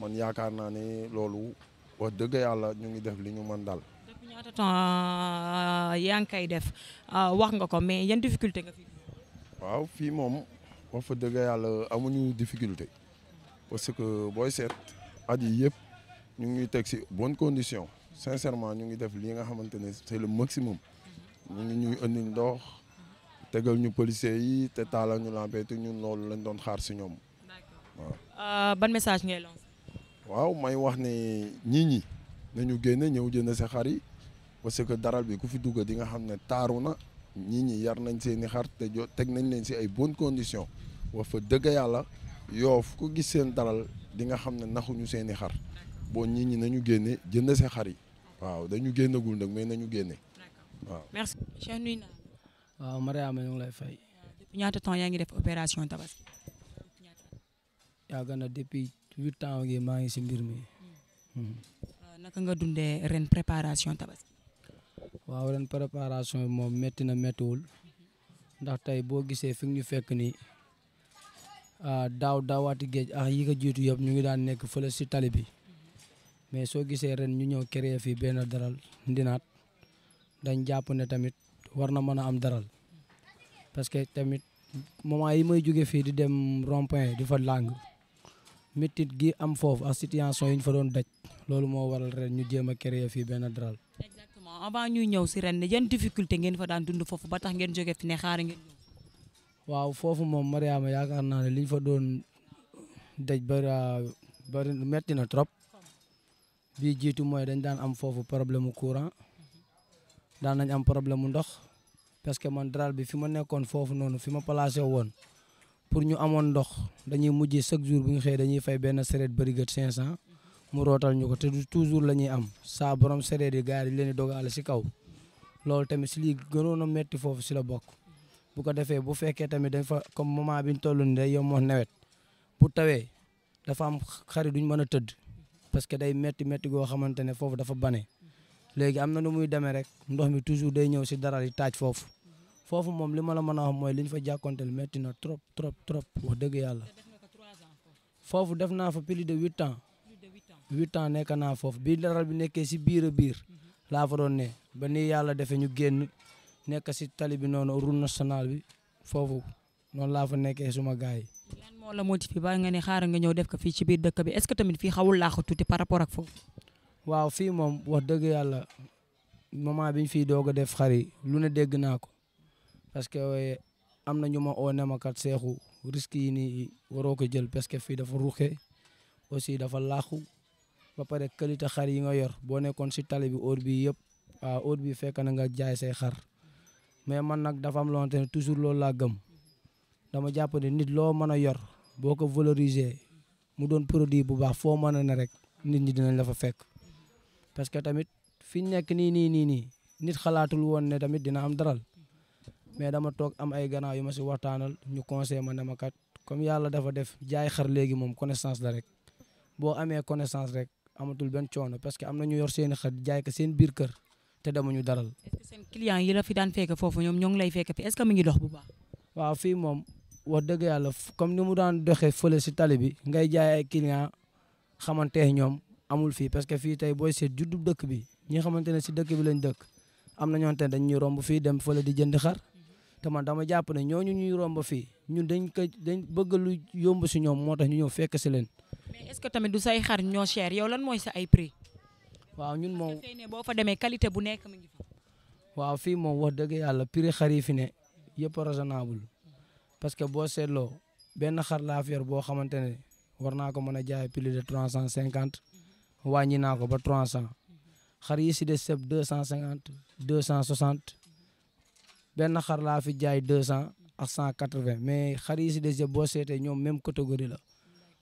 man yaakaar naa ne loolu wax dëgg yàlla ñu ngi def li ñu mën dal. ñaata temps euh, yaa ngi koy def euh, wax nga ko mais yan difficulté nga fi. waaw fii moom wax fa dëgg yàlla amuñu difficulté parce que booy seet at yi yëpp ñu ngi teg si bonne condition sincèrement ñu ngi def li nga xamante ne c'est le maximum ñu ngi ñuy indi ndox tegal ñu policiers yi te taalal ñu lampeetu ñun loolu lañ doon xaar si ñoom waaw. Euh, ban message ngay lancer. waaw may wax ne ñii ñi nañu génne ñëw jënd si xar parce que daral bi ku fi dugg di nga xam ne taaru na ñii ñi yar nañ seen i xar te jo teg nañ leen si ay bonnes condition wax fa dëgg yàlla yoof ko gis seen daral di nga xam ne naxuñu seeni xar bon ñii ñi nañu génne jënd si xar yi waaw dañu génnagul nag mais nañu génne waaw. merci. Cheikh nuyu naa. waaw Mariama ñu lay fay. ñaata temps yaa ngi def opération tabaski. huit ans gi maa ngi si mbir mi. Hmm. Hmm. Euh, nga dundee ren préparation tabaski. waaw ren préparation moom metti na méttiwul hmm. ndax tey boo gisee fi ñu fekk nii ah, daaw daawaati géej a ah, yi ko jiitu yëpp ñu ngi daan nekk fële si tali bi mais soo gisee ren ñu ñëw créer fii benn daral ndinaat dañ jàpp ne tamit war na mën a am daral parce que tamit moment yi may jóge fii di dem rond di fa làng méttit gi am foofu a situation yi ñu fa doon daj loolu moo waral ren ñu jéem a créer fii benn DRAL. exactement avant ñuy ñëw si ren yan difficulté ngeen fa daan dund foofu ba tax ngeen jóge fi ne xaar ngeen. waaw foofu moom Mariama yaakaar naa ne liñ fa doon daj ba metti na trop bii jiitu mooy dañ daan am foofu problème mu courant daan nañ am problème mu ndox parce que man DRAL bi fi ma nekkoon foofu noonu fi ma placé woon. pour ñu amoon ndox dañuy mujj chaque jour bu ñu xëyee dañuy fay benn sareet bërigët 500 mu rootal ñu ko te du toujours la ñuy am saa borom sareet yi gaar leen di dogaale si kaw loolu tamit si lii gënoon a metti foofu si la bokk bu ko defee bu fekkee tamit dañ fa comme moment bi ñu toll nii day yomb nawet bu tawee dafa am xari duñ mën a tëdd parce que day metti metti goo xamante ne foofu dafa bane léegi am na nu muy demee rek ndox mi toujours day ñëw si daral yi taaj foofu. foofu moom li ma la mën a wax mooy li fa jàkkonteel métti na trop trop trop wax dëgg yàlla foofu def naa fa plus de huit ans huit ans nekk naa foofu bii daral bi nekkee si biir a biir mhm. laa fa doon ne ba nii yàlla defee ñu génn nekk si tali bi noonu route nationale bi foofu noonu laa fa nekkee suma gars yi. lan moo la motivé ba nga ne xaaral nga ñëw def ko fii ci biir dëkk bi est-ce que tamit fii xawul laa ko tuuti par rapport ak foofu. waaw fii moom wax dëgg yàlla a parce que am na ñu ma oo kat seexu risque yi ni waro ko jël parce que fi dafa ruxé aussi dafa laxu ba paré qualité xar yi nga yor bo nekkoon ci tali bi heure bi yépp a heure bi fekk na nga jaay say xar mais man nak dafa am loo xamante toujours loolu la gëm dama japp ne nit lo mëna yor boko valoriser mu doon produit bu baax foo mën a ne rek nit ñi dinañ la fa fekk parce que tamit fi nekk nii nii nii nii nit xalaatul woon ne tamit dina am daral mais dama toog am ay gannaaw yu ma si waxtaanal ñu conseillé ma ne ma kat comme yàlla dafa def jaay xar léegi moom connaissance la rek boo amee connaissance rek amatul na ñu yor seen i xar jaay ko seen biir kër yi la fi dox bu baax. waaw fii moom wax dëgg yàlla comme ni mu daan doxee fële si tali bi ngay jaay ay client xamante ñoom amul fii parce fii tey booy seet juddu dëkk bi ñi xamante si dëkk bi lañ dëkk am na ñoo xamante ne romb fii dem fële di jënd xar. te man dama jàpp ñoo ñu ñu romb fii ñun dañ ko dañ bëgg lu yomb si ñoom moo tax ñu ñëw fekk si leen. mais ce que tamit du say xar ñoo cher yow lan mooy sa ay prix. waaw ñun moom ne boo fa demee qualité bu nekk mi ngi fa. waaw fii moom wax dëgg yàlla prix xar yi fi ne yëpp raisonnable parce que boo seetloo benn xar laa boo xamante ne war naa ko mën a jaay plus de trois cent cinquante wàññi naa ko ba trois cent xar yi si des sëb cent cinquante cent soixante. benn xar laa fi jaay deux cent ak cent quatre vingt mais xar yi si des yëpp boo seetee ñoom même catégorie la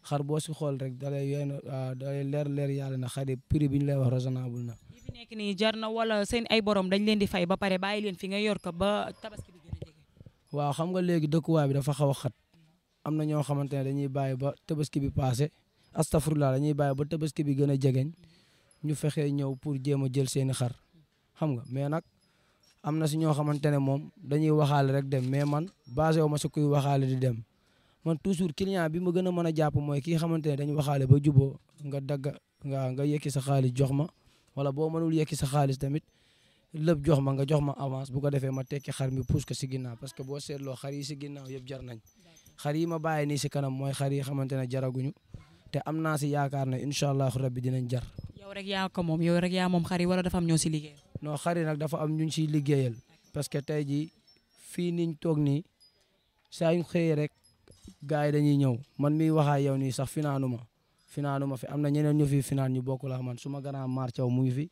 xar boo si xool rek da lay yéen da lay leer leer yàlla na xar yi prix bi ñu lay wax raisonnable na. li fi nekk jar na wala seen ay borom dañ leen di fay ba pare bàyyi leen fi nga yor ba tabaski bi gën a jege. waaw xam nga léegi dëkkuwaay bi dafa xaw a xat am na ñoo xamante ne dañuy bàyyi ba tabaski bi passé astafurlah dañuy bàyyi ba tabaski bi gën a jegeñ ñu fexe ñëw pour jéem a jël seeni i xar xam nga mais nag. am na si ñoo xamante ne moom dañuy waxaale rek dem mais man basé wu ma si kuy waxaale di dem man toujours client bi ma gën a man a jàpp mooy kii xamante ne dañu waxaale ba juboo nga dagg nga nga yekki sa xaalis jox ma wala boo mënul yekki sa xaalis tamit lépp jox ma nga jox ma avance bu ko defee ma tekki xar mi pousse si ginnaaw parce que boo seetloo xar yi si ginnaaw yëpp jar nañ xar yi ma bàyyi nii si kanam mooy xar yi xamante ne jaraguñu te am naa si yaakaar ne incha allahu rabbi dinañ jar. yow rek yaa moom yow rek yaa moom xar yi dafa am ñoo si liggéey. non xari yi nag dafa am ñu ñu siy liggéeyal parce que tey jii fii niñ toog nii saa yu xëyee rek gars yi dañuy ñëw man miy waxaa yow nii sax finaanu ma finaanu ma fi am na ñeneen ñu fi finaan ñu bokk la man suma ma grand Mar Thiaw mu ngi fi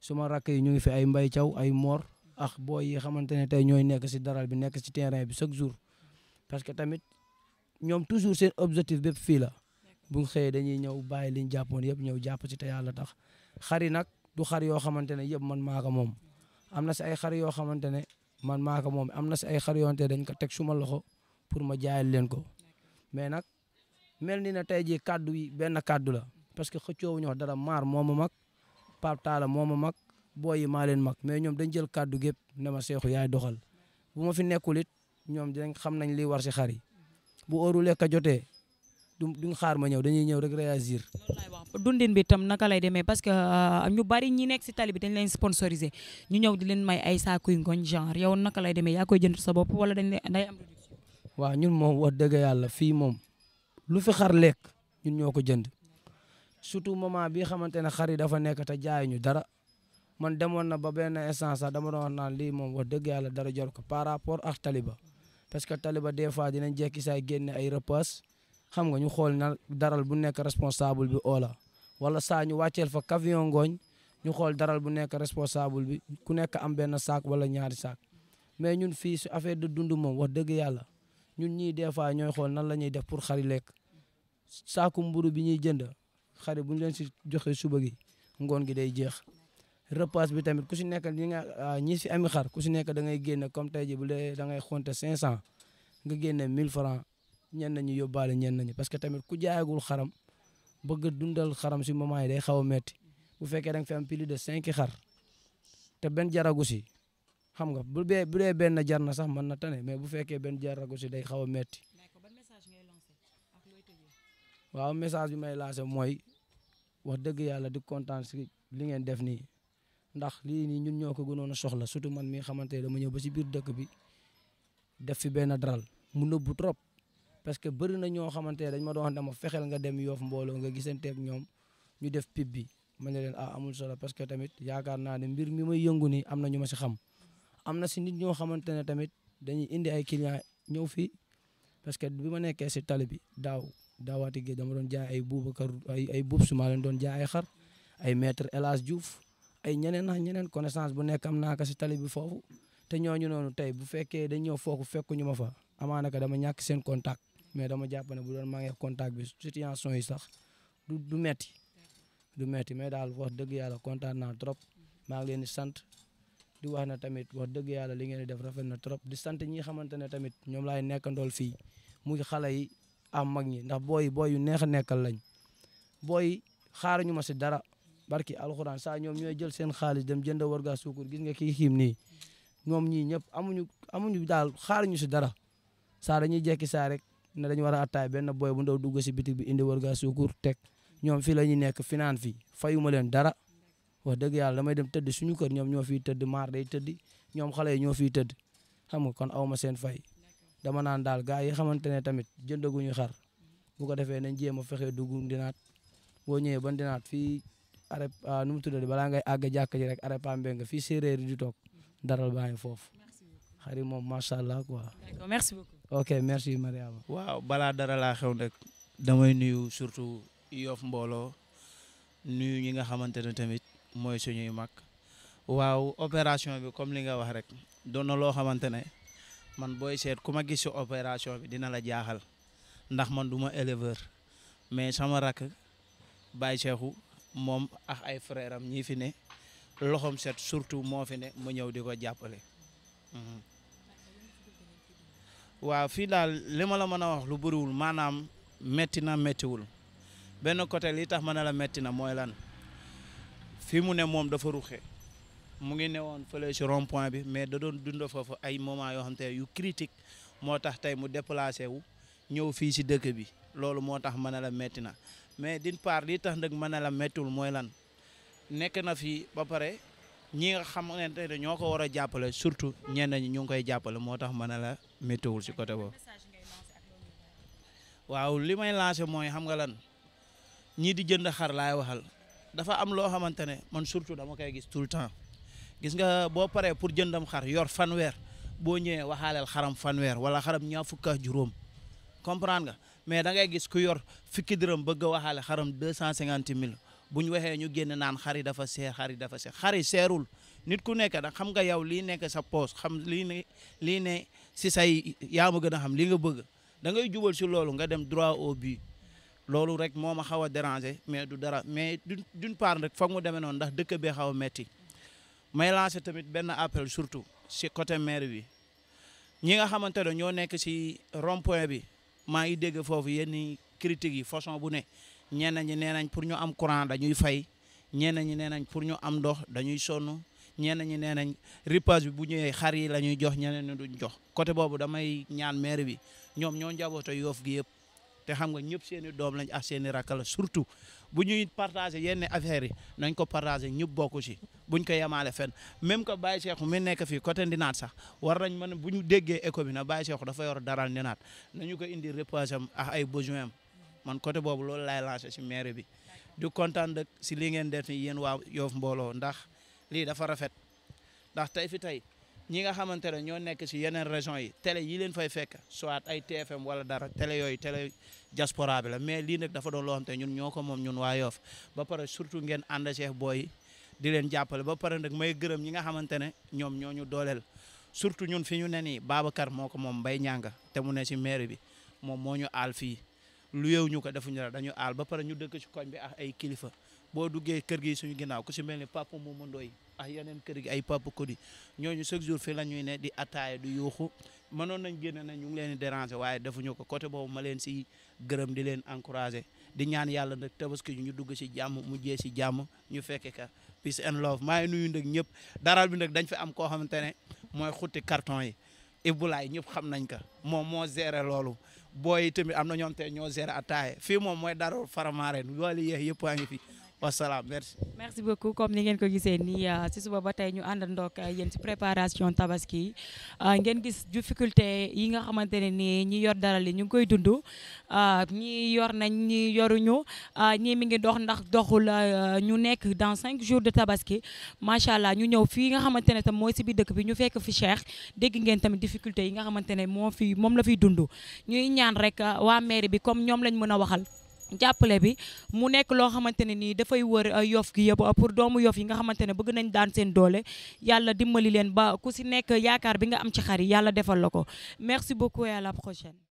suma rakk yi ñu ngi fi ay Mbay Thiaw ay moor ak booy yi xamante ne tey ñooy nekk si daral bi nekk si terrain bi chaque jour parce que tamit ñoom toujours seen objectif bépp fii la bu xëyee dañuy ñëw bàyyi liñ jàppoon yëpp ñëw jàpp si tey yàlla tax xar nag du xar yoo xamante ne yëpp man maa ko moom am na si ay xar yoo xamante ne man maa ko moom am na si ay xar yoo dañ ko teg suma loxo pour ma jaayal leen ko mais nag mel ni na tey jii kaddu yi benn kaddu la parce que xëccoo wu ñu dara maar moom ma mag Pape Talla moo ma mag booy yi maa leen mag mais ñoom dañ jël kaddu gépp na ma seexu yaay doxal bu ma fi nekkul it ñoom dinañ xam nañ li war si xar yi bu óoru lekk jotee duñ xaar ma ñëw dañuy ñëw rek réagir. dundin bi tam naka lay demee parce que euh, ñu bari ñi nekk si tali bi dañ leen sponsorisé ñu ñëw di leen may ay saakuy ngoñ genre yow naka lay demee yaa koy jënd sa bopp wala dañ day am. waaw ñun moom wax dëgg fii moom lu fi xar lekk ñun ñoo ko jënd surtout moment bi xamante ne xar yi dafa nekk te jaay ñu dara man demoon na ba benn instant sax dama doon wax naan lii moom wax dëgg yàlla dara jor ko par rapport ak taliba parce que taliba des fois dinañ jekki saay génne ay repas xam nga ñu xool na daral bu nekk responsable bi oola wala saa ñu wàcceel fa camion ngooñ ñu xool daral bu nekk responsable bi ku nekk am benn saak wala ñaari saak mais ñun fii su affaire de dund moom wax dëgg yàlla ñun ñi des fois ñooy xool nan la ñuy def pour xari lekk saaku mburu bi ñuy jënd xari bu ñu leen si joxe suba gi ngoon gi day jeex repas bi tamit ku si nekk ñi nga ah, ñi si ami xar ku si nekk da ngay génne comme tey ji bu dee da ngay xonte 500 nga génne 1000 francs ñen nañu yobale ñen nañu parce que tamit ku jaagul xaram bëgg dundal xaram ci kharam day xaw metti bu fekke da nga fi am plus de 5 xar te ben jaragu si xam nga bu be bu dee jar na sax man na tane mais bu fekke ben jaragu si day xaw metti waaw message bi may lancer moy wax deug yalla di kontaan ci li ngeen def ni ndax li ni ñun ñoko gënon soxla surtout man mi xamante dama ñëw ba ci biir dëkk bi def fi ben daral mu neub trop parce que bëri na ñoo xamante dañ ma doon dama fexel nga dem yof mbolo nga ak ñom ñu def pib bi ma ne len ah amul solo parce que tamit yaakar na ne mbir mi may yëngu nii am na ñu xam amna ci nit ñoo xamante ne tamit dañuy indi ay client ñew fi parce que bima nekké ci si bi daaw daawaati gi dama doon jaay ay Boubacar ay ay Boubs suma len doon jaay ay xar ay maître elas Hadj Diouf ay ñeneen na ñeneen connaissance bu nekk am naa ci si bi foofu te ñooñu noonu bu fekkee dañ ñew foofu fekku ñuma fa amana ka dama ñak seen contact mais dama jàpp ne bu doon maa ngi contact bi situation yi sax du metti du metti mais daal wax dëgg yàlla kontaan naa trop maa ngi leen di sant di wax na tamit wax dëgg yàlla li ngeen di def rafet na trop di sant ñi xamante ne tamit ñoom laay nekkandool fii muy xale yi am mag ñi ndax booy booy yu neex a nekkal lañ booy xaaruñu ma si dara barki alxuraan saa ñoom ñooy jël seen xaalis dem jënd warga gis nga kii xiim nii ñoom ñii ñëpp amuñu amuñu daal xaaruñu si dara saa dañuy jekki saa rek ne dañu war a attaay benn boy bu ndaw dugg si bitik bi indi warga suukur teg ñoom fi la ñuy nekk finaan fii fayuma leen dara wax dëgg yàlla damay dem tëdd suñu kër ñoom ñoo fi tëdd maar day tëdd ñoom xale yi ñoo fiy tëdd xam kon aw ma seen fay dama naan daal gars yi xamante ne tamit jëndaguñu xar bu ko defee nañ jéem a fexe dugg ndinaat boo ñëwee ba ndinaat fii arep ah, nu mu tuddati balaa ngay àgg jàkk ji rek arepa mbeng fii séeréer yi di toog dara baa ngi foofu moom macha allah quoi. ok merci Mariama waaw balaa dara laa xew rek damay nuyu surtout Yoff mbooloo nuyu ñi nga xamante ne tamit mooy suñuy mag waaw opération bi comme li nga wax rek doon na loo xamante ne man booy seet ku ma gis si opération bi dina la jaaxal ndax man du ma éleveur mais sama rakk Baye Cheikhou moom ak ay frère am ñii fi ne loxoom set surtout moo fi ne mu ñëw di ko jàppale. Mhm. waaw fii daal li ma la mën a wax lu bëriwul maanaam métti na méttiwul benn côté lii tax ma ne métti na mooy lan fii mu ne moom dafa ruxe mu ngi newoon fële ci rond point bi mais da doon dund foofu ay moment yoo xam yu critique moo tax tey mu déplacé wu ñëw fii si dëkk bi loolu moo tax ma ne la métti na mais d'une part li tax nag ma ne la méttiwul mooy lan nekk na fi ba pare ñi nga xam ne tey ñoo ko war a jàppale surtout ñenn ñi ñu ngi koy jàppale moo tax ma ne la méttiwul si côté boobu. waaw li may lancé mooy xam nga lan ñii di jënd xar laay waxal dafa am loo xamante ne man surtout dama koy gis tout le temps gis nga boo paree pour jëndam xar yor fan weer boo ñëwee waxaaleel xaram fan weer wala xaram ñaar fukk ak juróom comprendre nga mais da ngay gis ku yor fukki dërëm bëgg a waxaale xaram deux cent cinquante mille. bu ñu waxee ñu génn naan xari dafa seer xari dafa seer xari seerul nit ku nekk da xam nga yow lii nekk sa poos xam lii ne lii ne si say yaa gën a xam lii nga bëgg da ngay jubal si loolu nga dem droit au but loolu rek moo ma xaw a déranger mais du dara mais dun part rek foog mu demee noon ndax dëkk bee xaw a metti mais lancer tamit benn appel surtout si côté maire bi ñi nga xamante ne ñoo nekk si rond bi maa ngi dégg foofu yenn critiques yi façon bu ne ñenn ñi nee nañ pour ñu am courant dañuy fay ñeena ñi nee nañ pour ñu am ndox dañuy sonn ñenn ñi nee nañ repas bi bu ñëwee xar yi la ñuy jox ñeneen ñi duñ jox côté boobu damay ñaan maire bi ñoom ñoo njabooto yoof gi yëpp te xam nga ñëpp seen i doom lañ a seen i rakk la surtout bu ñuy partager yenn affaires yi nañ ko partager ñëpp bokku ci buñ ko yemaale fenn même que Baye Cheikh mi nekk fii côté Ndinaat sax war nañ mën bu ñu déggee éco bi na Baye Cheikh dafa yor daral Ndinaat nañu ko indi repas am ak ay besoin man côté boobu loolu laay lancé si maire bi di kontaan nag si lii ngeen def ni yéen waa Yoff mbooloo ndax lii dafa rafet ndax tey fi tey ñi nga xamante ne ñoo nekk si yeneen région yi télé yi leen fay fekk soit ay TFM wala dara télé yooyu télé diaspora bi mais lii nag dafa doon ñun ñoo ko moom ñun waa ba pare surtout ngeen ànd booy di leen jàppale ba pare nag may gërëm ñi nga xamante ne ñoom ñoo ñu dooleel surtout ñun fi ñu ne nii Babacar moo ko moom Mbaye Ñanga te mu ne si maire bi moom moo ñu aal fii lu yeew ñu ko defuñu la dañu aal ba pare ñu dëkk ci koñ bi ak ay kilifa boo duggee kër gi suñu ginaaw ku si mel ni papa mu mundooy ak yeneen kër gi ay papa Kodi ñooñu chaque jour fii la ñuy ne di attaaya du yuuxu mënoon nañ génne na ñu ngi leen di déranger waaye ko côté boobu ma leen si gërëm di leen encourager di ñaan yàlla nag tabaski ñu dugg si jàmm mujjee si jàmm ñu fekke ka peace and love maa ngi nuyu nag ñëpp daral bi nag dañ fi am koo xamante ne mooy xutti carton yi Ibulaay ñëpp xam nañ ko moom moo gérer loolu booy tamit am na ñoom te ñoo gérer attaaye fii moom mooy dara faramaareen wala yéex yëpp a ngi fi wasalaam merci. merci beaucoup comme ni ngeen ko gisee nii si euh, suba ba tey ñu àndandoo ak euh, yéen si préparation tabaski euh, ngeen gis difficulté yi nga xamante ne nii ñi yor dara li ñu ngi koy dund ñi yor nañ ñi yoruñu ñii mi ngi dox ndax doxul ñu nekk dans cinq jours de tabaski macha allah ñu ñëw fii nga xamante ne tam mooy si biir dëkk bi ñu fekk fi Cheikh dégg ngeen tamit difficulté yi nga xamante ne moo fi moom la fiy dund ñuy ñaan rek waa mairie bi comme ñoom lañ mën a waxal. jàppale bi mu nekk loo xamante ne nii dafay wër euh, yof gi yëpp euh, pour doomu yof yi nga xamante ne bëgg nañ daan seen doole yàlla dimbali leen ba ku si nekk yaakaar bi nga am ci xar yi yàlla defal la ko merci beaucoup et à la prochaine